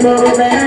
Come on, man.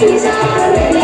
He's already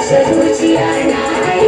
Sa duchi anai